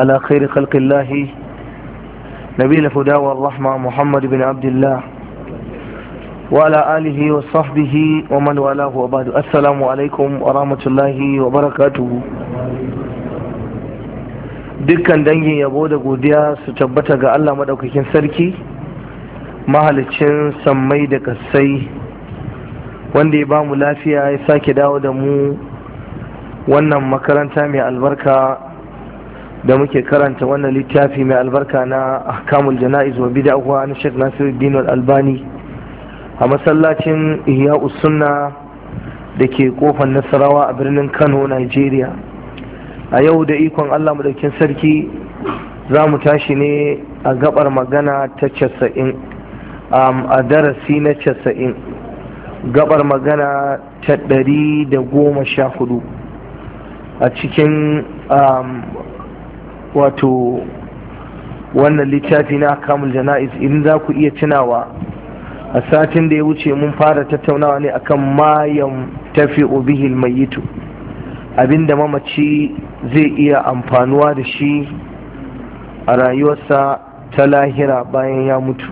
على خير خلق الله نبي الهدى والرحمة محمد بن عبد الله وعلى آله وصحبه ومن والاه وبعد السلام عليكم ورحمة الله وبركاته dukkan dangin yabo da godiya su tabbata ga Allah madaukakin sarki mahalicin sammai da kasai wanda ya mu lafiya ya sake dawo da mu wannan makaranta mai albarka da muke karanta wannan littafi mai albarka na ahkamul jana'iz wa bid'awa na Sheikh Nasiruddin Al-Albani a masallacin Ihya Sunna da ke kofar Nasarawa a birnin Kano, Nigeria. A yau da ikon Allah madaukin sarki za mu tashi ne a gabar magana ta casa'in a darasi na casa'in gabar magana ta ɗari da goma sha hudu a cikin wato wannan littafi na kamul jana'iz in za ku iya tunawa a satin da ya wuce mun fara tattaunawa ne akan mayan tafi bihi mayitu abinda mamaci zai iya amfanuwa da shi a rayuwarsa ta lahira bayan ya mutu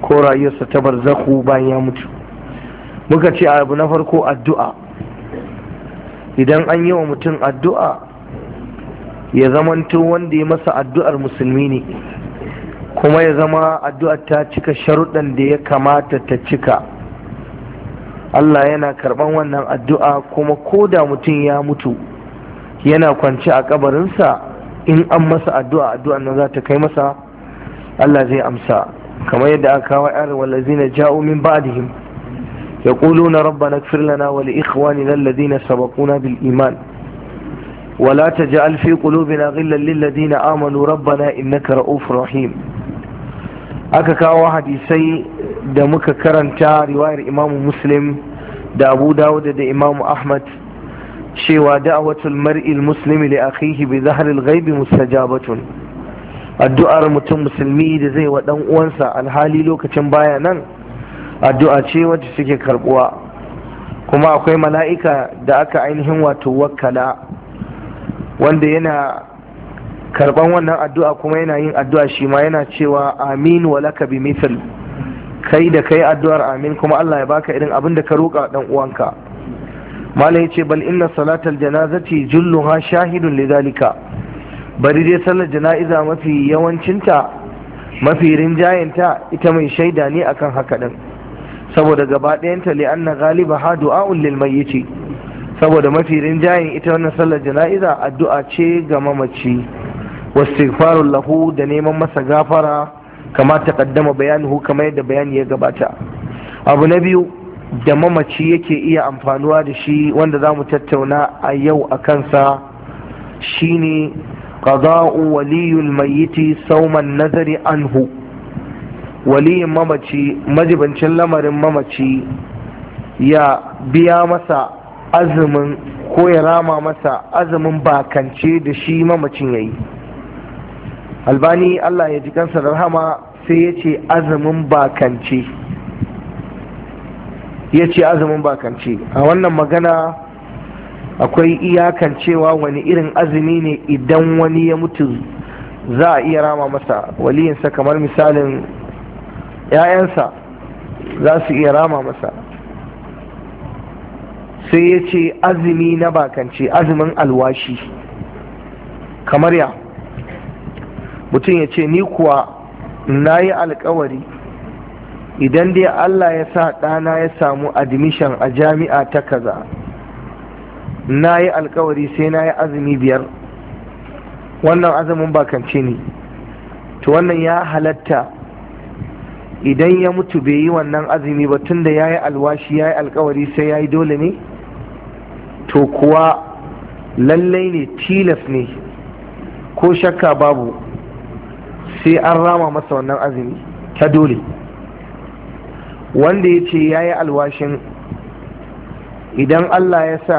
ko rayuwarsa ta barzaku bayan ya mutu muka ce abu na farko addu'a idan an yi wa mutum addu'a ya zamanto wanda ya masa addu'ar musulmi ne kuma ya zama addu'ar ta cika sharuɗan da ya kamata ta cika Allah yana karɓan wannan addu'a kuma ko da mutum ya mutu yana kwance a kabarinsa in an masa addu'a addu'a nan za ta kai masa Allah zai amsa kamar yadda aka kawo yar wallazina ja'u min ba'dihim yaquluna na, rabba lana wa li ikhwanina alladhina sabaquna bil iman ولا تجعل في قلوبنا غلا للذين آمنوا ربنا إنك رؤوف رحيم aka kawo hadisai da muka karanta riwayar imamu muslim da abu dawud da imamu ahmad cewa da'watul mar'il muslimi li akhihi bi zahril ghaibi mustajabatun addu'ar mutum musulmi da zai wa dan uwansa alhali lokacin baya nan addu'a ce wacce suke karbuwa kuma akwai mala'ika da aka ainihin wato wakkala wanda yana karban wannan addu'a kuma yana yin addu'a shi ma yana cewa amin wa laka bi kai da kai addu'ar amin kuma Allah ya baka irin abin da ka roƙa dan uwanka ya ce bal inna salatal janazati julluha shahidun lidhalika bari dai sallar jana'iza mafi yawancinta mafi rinjayenta ita mai shaida ne akan haka din saboda gaba ɗayanta li anna ghaliba ha du'a'un lil mayyiti saboda mafi rinjayen ita wannan sallar jana'iza addu'a ce ga mamaci wastighfarul lahu da neman masa gafara kama ta kaddama bayanuhu kamar yadda bayani ya gabata abu na biyu da mamaci yake iya amfanuwa da shi wanda za mu tattauna a yau a kansa shine qada'u waliyul mayyiti sauman nazari anhu waliyin mamaci majibancin lamarin mamaci ya biya masa azumin ko ya rama masa azumin bakance da shi mamacin ya yi albani allah ya ji kansa da rahama sai ya ce azumin bakance ya ce azumin bakance a wannan magana akwai iyakan cewa wani irin azumi ne idan wani ya mutu za a iya rama masa waliyinsa kamar misalin 'ya'yansa za su iya rama masa sai ya ce azumi na bakance azumin alwashi kamar ya mutum ya ce ni kuwa na yi alkawari idan dai Allah ya sa ɗana ya samu admission a jami'a ta kaza na yi alkawari sai na yi azumi biyar wannan azumin bakance ne to wannan ya halatta idan ya mutu bai yi wannan azumi ba tunda ya yi alwashi ya yi alkawari sai ya yi dole ne to kuwa lallai ne tilas ne ko shakka babu sai an rama masa wannan azumi ta dole wanda ya ce ya yi alwashin idan allah ya sa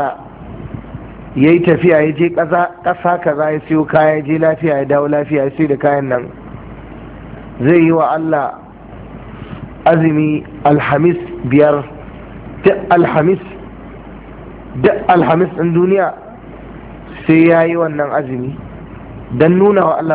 ya yi tafiya ya je ƙasa kaza ya siyo kaya ya je lafiya ya dawo lafiya ya siyo da kayan nan zai yi wa allah azumi alhamis biyar duk alhamis duk alhamis ɗin duniya sai ya yi wannan azumi don nuna wa Allah